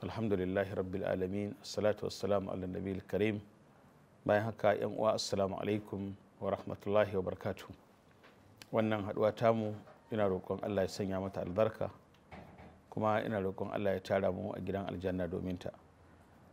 alhamdulillahi rabbil alamin salatu wassalamu ala nabil karim bayan haka yan uwa assalamu alaikum wa rahmatullahi wa barkatu wannan haduwa tamu ina roƙon Allah ya sanya mata albarka kuma ina roƙon Allah ya tara mu a gidan aljanna domin ta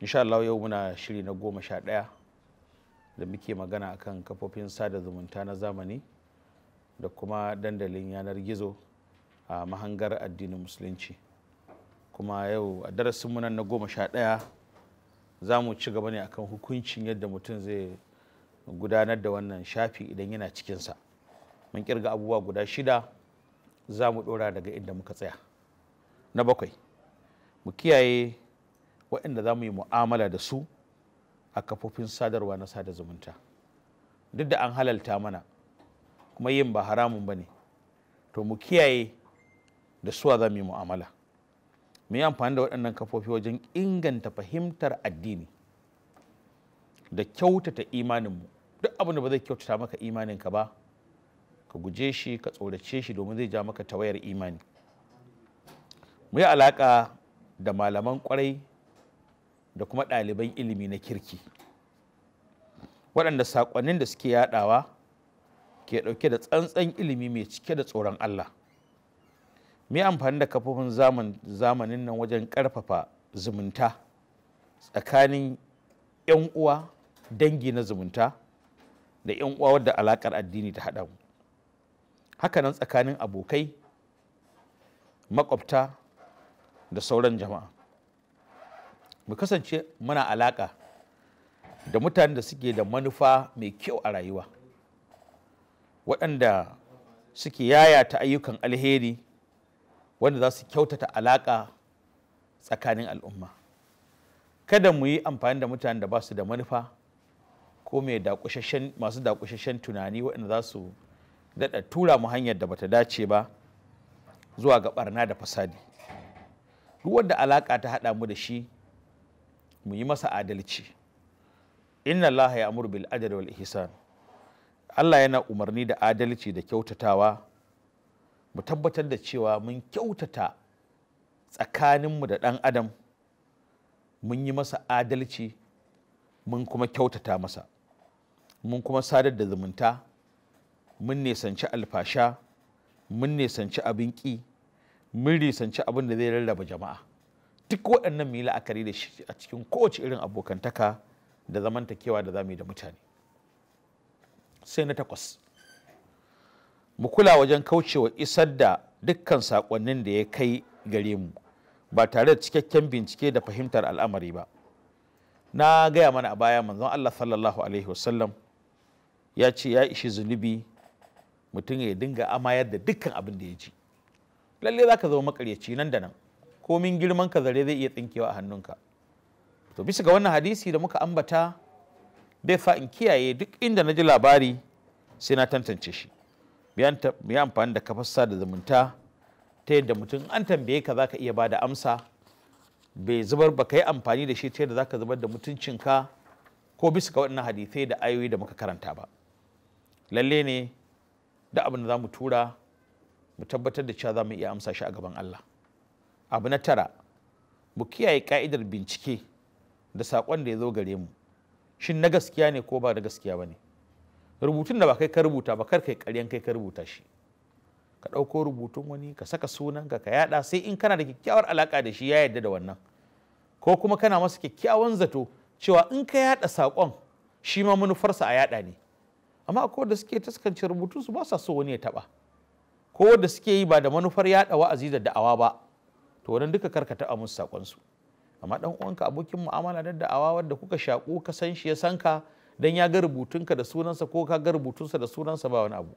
insha Allah yau muna shiri na goma sha ɗaya da muke magana akan kafofin sada zumunta na zamani da kuma dandalin yanar gizo a mahangar addinin musulunci kuma yau a darasin mu nan na goma sha ɗaya za mu ci gaba ne akan hukuncin yadda mutum zai gudanar da wannan shafi idan yana cikinsa mun kirga abubuwa guda shida za mu ɗora daga inda muka tsaya na bakwai mu kiyaye waɗanda za mu yi mu'amala da su a kafofin sadarwa na sada zumunta duk da an halalta mana kuma yin ba haramun ba ne to mu kiyaye da suwa za mu yi mu'amala mu yi amfani da waɗannan kafofi wajen inganta fahimtar addini da kyautata imaninmu duk abin da ba zai kyautata maka imaninka ba ka guje shi ka tsorace shi domin zai ja maka tawayar imani mu yi alaƙa da malaman kwarai da kuma ɗaliban ilimi na kirki waɗanda saƙonnin da suke yaɗawa ke ɗauke da tsantsan ilimi mai cike da tsoron Allah mu amfani da kafofin zamanin nan wajen ƙarfafa zumunta tsakanin 'yan uwa dangi na zumunta da 'yan uwa wadda alaƙar addini ta haɗa Haka nan tsakanin abokai makwabta da sauran jama'a mu kasance muna alaƙa da mutanen da suke da manufa mai kyau a rayuwa waɗanda suke yaya ta ayyukan alheri wanda za su kyautata alaƙa tsakanin al'umma kada mu yi amfani da mutanen da ba su da manufa ko mai masu dakushashen tunani waɗanda za su daɗa tura mu hanyar da bata dace ba zuwa ga ɓarna da fasadi duk wanda alaka ta haɗa mu da shi mu yi masa adalci inna allaha ya amur bil adal wal ihsan Allah yana umarni da adalci da kyautatawa mu tabbatar da cewa mun kyautata tsakaninmu da ɗan adam mun yi masa adalci mun kuma kyautata masa mun kuma sadar da zumunta mun nisanci alfasha mun nisanci abin ƙi mun nisanci abin da zai rarraba jama'a duk waɗannan mu yi la'akari da shi a cikin kowace irin abokantaka da zamantakewa da za mu yi da mutane sai na takwas mu kula wajen kaucewa isar da dukkan saƙonnin da ya kai gare mu ba tare da cikakken bincike da fahimtar al'amari ba na gaya mana a baya manzon Allah sallallahu alaihi wasallam ya ce ya ishi zunubi mutum ya dinga amayar da dukkan abin da ya ji lalle za ka zama makaryaci nan da nan komin girman ka zare zai iya tsinkewa a hannunka to bisa ga wannan hadisi da muka ambata bai fa in kiyaye duk inda na ji labari sai na tantance shi mu yi amfani da kafar sada zumunta ta yadda mutum an tambaye ka ka iya ba da amsa bai zubar ba ka yi amfani da shi ta yadda za ka zubar da mutuncinka ko bisa ga waɗannan hadisai da ayoyi da muka karanta ba lalle ne da abin da za mu tura mu tabbatar da cewa za mu iya amsa shi a gaban Allah abu na tara mu kiyaye ka'idar bincike da saƙon da ya zo gare mu shin na gaskiya ne ko ba da gaskiya ba ne rubutun da ba kai ka rubuta ba kar kai karyan kai ka rubuta shi ka ɗauko rubutun wani ka saka sunan ka yaɗa sai in kana da kyakkyawar alaka da shi ya yadda da wannan ko kuma kana masa kyakkyawan zato cewa in ka yaɗa saƙon shi ma manufarsa a yaɗa ne amma akwai da suke taskance rubutu su ba sa so wani ya taɓa. ko da suke yi ba da manufar yada wa'azi da da'awa ba to wannan duka ka taba musu saƙon su amma dan uwanka abokin mu'amala da da'awa wanda kuka shaƙu ka san shi ya san ka dan ya ga rubutunka da sunansa ko ka ga rubutunsa da sunansa ba wani abu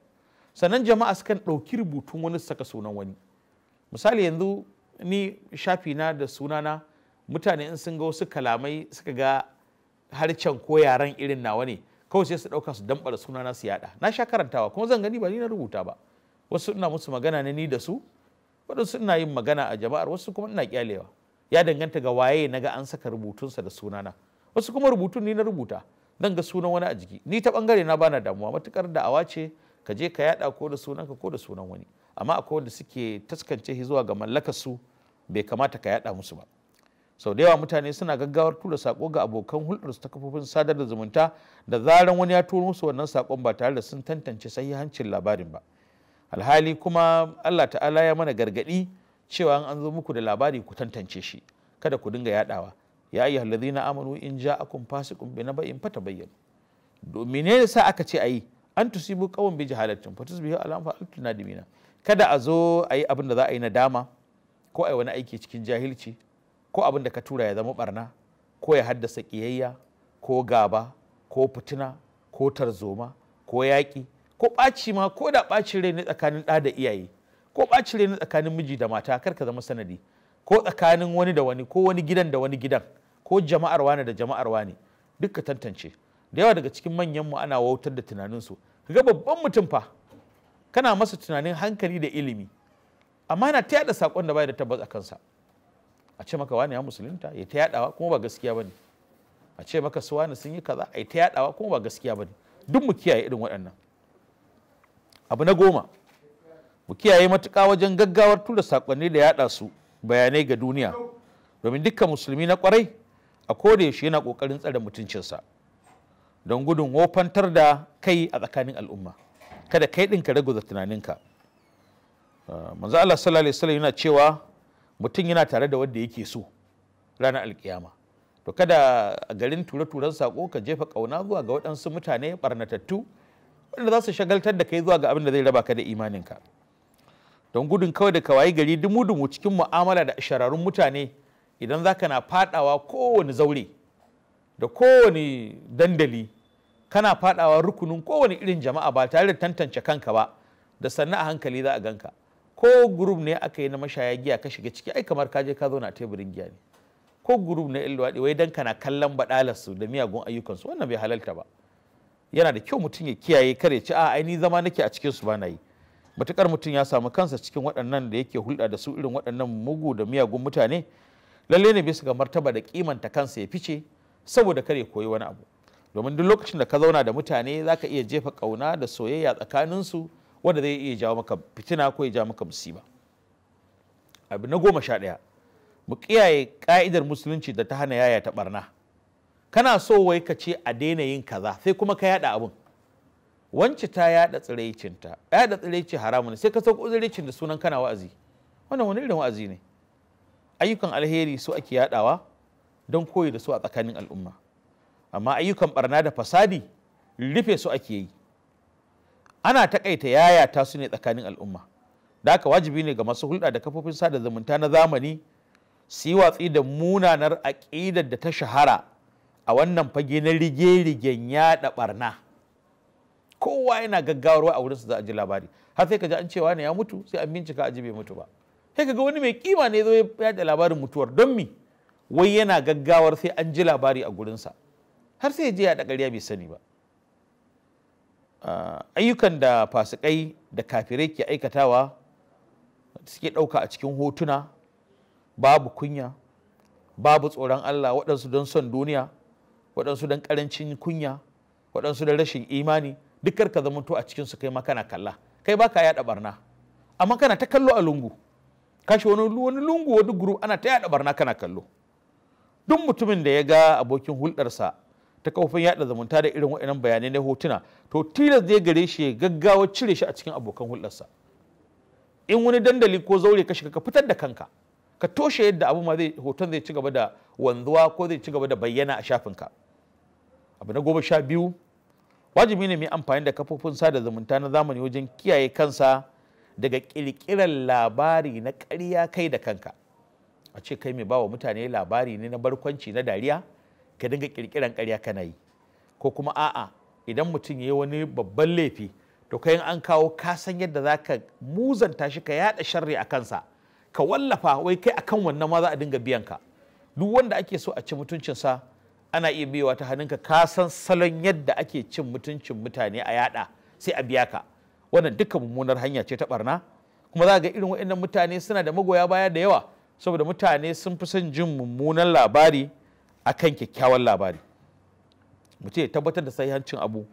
sannan jama'a sukan ɗauki rubutun wani su saka sunan wani misali yanzu ni shafi na da sunana mutane in sun ga wasu kalamai suka ga harcen ko yaren irin nawa ne kawai sai su ɗauka su damɓa da sunana su yaɗa na sha karantawa kuma zan gani ba ni na rubuta ba wasu ina musu magana ne ni da su waɗansu ina yin magana a jama'ar wasu kuma ina kyalewa ya danganta ga waye na ga an saka rubutunsa da sunana wasu kuma rubutun ni na rubuta zan ga sunan wani a jiki ni ta bangare na bana damuwa matukar da'awa ce ka je ka yada ko da sunanka ko da sunan wani amma akwai wanda suke taskance zuwa ga mallakar su bai kamata ka yada musu ba sau da yawa mutane suna gaggawar tura sako ga abokan hulɗar su ta kafofin sadar da zumunta da zaran wani ya turo musu wannan sakon ba tare da sun tantance sahihancin labarin ba alhali kuma Allah ta'ala ya mana gargadi cewa an zo muku da labari ku tantance shi kada ku dinga yadawa ya ayi na amanu in ja'akum fasiqun bi fata fatabayyanu domin ne sa aka ce ayi an tusibu biji bi fatus fatusbihu ala fa'altu nadimina kada a zo ayi abin da za a yi nadama ko ayi wani aiki cikin jahilci ko abin da ka tura ya zama barna ko ya haddasa kiyayya ko gaba ko fitina ko tarzoma ko yaƙi ko ɓaci ma ko da ɓacin rai ne tsakanin ɗa da iyaye ko ɓacin rai ne tsakanin miji da mata kar ka zama sanadi ko tsakanin wani da wani ko wani gidan da wani gidan ko jama'ar wani da jama'ar wani duka tantance da yawa daga cikin manyan mu ana wautar da su Kaga babban mutum fa kana masa tunanin hankali da ilimi amma yana ta yada sakon da bai da tabbas a kansa a ce maka wani ya musulunta ya ta yadawa kuma ba gaskiya bane a ce maka su wani sun yi kaza a ta yadawa kuma ba gaskiya bane duk mu kiyaye irin waɗannan abu na goma mu kiyaye matuƙa wajen gaggawar tura sakonni da yada su bayanai ga duniya domin dukkan musulmi na kwarai a kodayaushe yana kokarin tsare mutuncinsa don gudun wofantar da kai a tsakanin al'umma kada kai ɗinka rago da tunaninka ah, manzo Allah sallallahu alaihi wasallam yana cewa mutum yana tare da wanda yake so ranar alkiyama to kada a garin ture-turen sako ka jefa kauna zuwa ga waɗansu mutane barnatattu wanda za su shagaltar da kai zuwa ga abin da zai raba ka da imaninka don gudun kawai da kawai gari dumu-dumu cikin mu'amala da shararun mutane idan za ka na fadawa kowane zaure da kowane dandali kana fadawa rukunin kowane irin jama'a ba tare da tantance kanka ba da sannan a hankali za a ganka ko gurub ne aka yi na mashaya giya ka shiga ciki ai kamar ka je ka zauna teburin giya ne ko gurub na ilwaɗi wai dan kana kallon su da miyagun ayyukansu wannan bai halalta ba yana da kyau mutum ya kiyaye kare ci a ni zama nake a cikin su ba na yi matukar mutum ya samu kansa cikin waɗannan da yake hulɗa da su irin waɗannan mugu da miyagun mutane lalle ne bisa ga martaba da kimanta kansa ya fice saboda kare koyi wani abu domin duk lokacin da ka zauna da mutane za ka iya jefa ƙauna da soyayya tsakaninsu wanda zai iya jawo maka fitina ko ya jawo maka musiba abu na goma sha ɗaya mu kiyaye ka'idar musulunci da ta hana yaya ta barna kana so wai ka ce a daina yin kaza sai kuma ka yada abun wance ta yada tsiraicinta yada tsiraici haramun ne sai ka sauko tsiraicin da sunan kana wa'azi wannan wani irin wa'azi ne ayyukan alheri su ake yadawa don koyi da su a tsakanin al'umma amma ayyukan barna da fasadi rufe su ake yi ana takaita yayata su ne tsakanin al'umma da haka wajibi ne ga masu hulɗa da kafofin sada zumunta na zamani su yi watsi da munanar aƙidar da ta shahara a wannan fage na rige-rigen yaɗa ɓarna kowa yana gaggawarwa a wurinsa za a ji labari har sai ka ji an cewa ne ya mutu sai an bincika a ji bai mutu ba sai ka ga wani mai kima ne zai ya da labarin mutuwar don mi wai yana gaggawar sai an ji labari a gurinsa har sai ya je ya da ƙarya bai sani ba ah, ayyukan da fasikai da kafirai ke aikatawa suke ɗauka a cikin hotuna babu kunya babu tsoron Allah waɗansu don son duniya waɗansu don ƙarancin kunya waɗansu don rashin imani duk kar ka zamanto a cikin su kai ma kana kalla kai baka yada barna amma kana ta kallo a lungu Kashe wani wani lungu wani group ana ta yada barna kana kallo duk mutumin da ya ga abokin hulɗarsa ta kafofin yada zumunta da irin wa'annan bayanai na hotuna to tilas zai gare shi ya gaggawa cire shi a cikin abokan hulɗarsa in wani dandali ko zaure ka shiga ka fitar da kanka ka toshe yadda abu ma zai hoton zai ci gaba da wanzuwa ko zai ci gaba da bayyana a shafinka abu na goma sha biyu wajibi ne mai amfani da kafofin sada zumunta na zamani wajen kiyaye kansa daga ƙirƙirar labari na ƙarya kai da kanka a ce kai mai bawa mutane labari ne na barkwanci na dariya ka dinga ƙirƙiran ƙarya kana yi ko kuma a'a idan mutum ya yi wani babban laifi to kai an kawo ka san yadda za ka muzanta shi ka yaɗa sharri a kansa ka wallafa wai kai akan wannan ma za a dinga biyan ka duk wanda ake so a ci mutuncinsa ana iya biyowa ta hannunka ka san salon yadda ake cin mutuncin mutane a yada sai a biya ka wannan duka mummunar hanya ce ta barna kuma za ga irin waɗannan mutane suna da magoya baya da yawa saboda mutane sun fi son jin mummunan labari akan kyakkyawan labari mutum ya tabbatar da sahihancin abu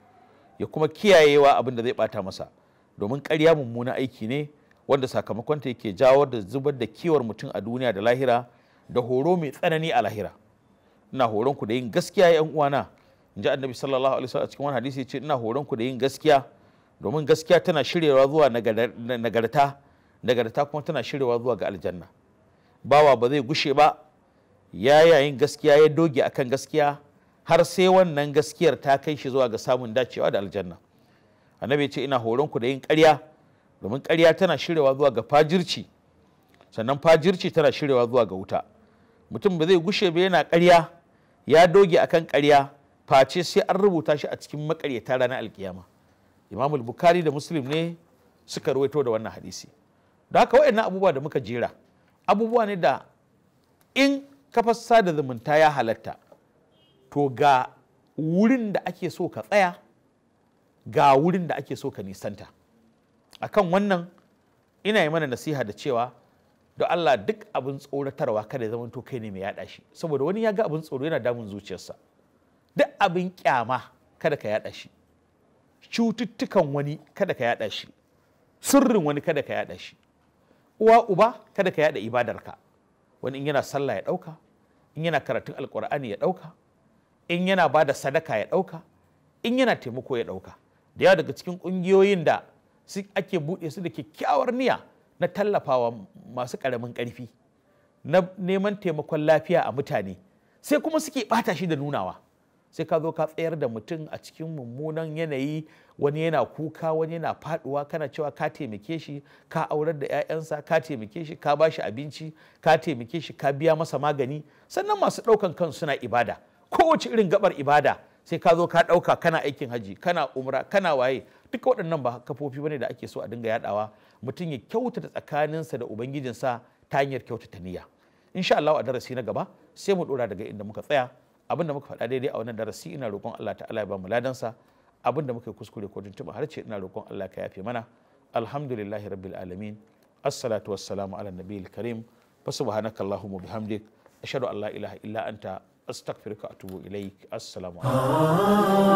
ya kuma kiyayewa abin da zai bata masa domin ƙarya mummunan aiki ne wanda sakamakonta yake jawo da zubar da kiwar mutum a duniya da lahira da horo mai tsanani a lahira ina horon ku da yin gaskiya ya uwana in ji annabi sallallahu alaihi wasallam a cikin wani hadisi ya ce ina horon ku da yin gaskiya domin gaskiya tana shirewa zuwa nagarta nagarta kuma tana shirewa zuwa ga aljanna bawa ba zai gushe ba ya yayin gaskiya ya doge akan gaskiya har sai wannan gaskiyar ta kai shi zuwa ga samun dacewa da aljanna annabi ya ce ina horon ku da yin ƙarya domin ƙarya tana shirewa zuwa ga fajirci sannan fajirci tana shirewa zuwa ga wuta mutum ba zai gushe ba yana ƙarya ya doge akan ƙarya face sai an rubuta shi a cikin makaryata ranar alkiyama imamul bukhari da muslim ne suka ruwaito da wannan hadisi da haka waɗannan abubuwa da muka jera abubuwa ne da in kafar sada zumunta ya halatta to ga wurin da ake so ka tsaya ga wurin da ake so ka nisanta akan wannan ina yi mana nasiha da cewa don Allah duk abin tsoratarwa kada ya zama to kai ne mai yada shi saboda wani ya ga abin tsoro yana damun zuciyarsa duk abin kyama kada ka yada shi cututtukan wani kada ka yada shi sirrin wani kada ka yada shi uwa uba kada ka yada ibadarka wani in yana sallah ya dauka in yana karatun alkur'ani ya dauka in yana ba da sadaka ya dauka in yana taimako ya dauka da yawa daga cikin kungiyoyin da ake buɗe su da kyakkyawar niyya na tallafawa masu ƙaramin ƙarfi na neman taimakon lafiya a mutane sai kuma suke ɓata shi da nunawa sai ka zo ka tsayar da mutum a cikin mummunan yanayi wani yana kuka wani yana faduwa kana cewa ka taimake shi ka aurar da 'ya'yansa ka taimake shi ka ba shi abinci ka taimake shi ka biya masa magani sannan masu ɗaukan kan suna ibada kowace irin gabar ibada sai ka zo ka ɗauka kana aikin haji kana umra kana waye duka waɗannan ba kafofi bane da ake so a dinga yadawa mutum ya kyautata tsakaninsa da ubangijinsa ta hanyar kyautata niyya insha Allah a darasi na gaba sai mu dora daga inda muka tsaya abin da muka faɗa daidai a wannan darasi ina roƙon Allah ta'ala ya ba mu ladansa abin da muka yi kuskure ko tuntuɓa har ce ina roƙon Allah ka yafe mana alhamdulillahi rabbil alamin assalatu wassalamu ala nabiyil karim fa subhanakallahumma bihamdik ashhadu an la ilaha illa anta astaghfiruka wa atubu ilaik assalamu alaikum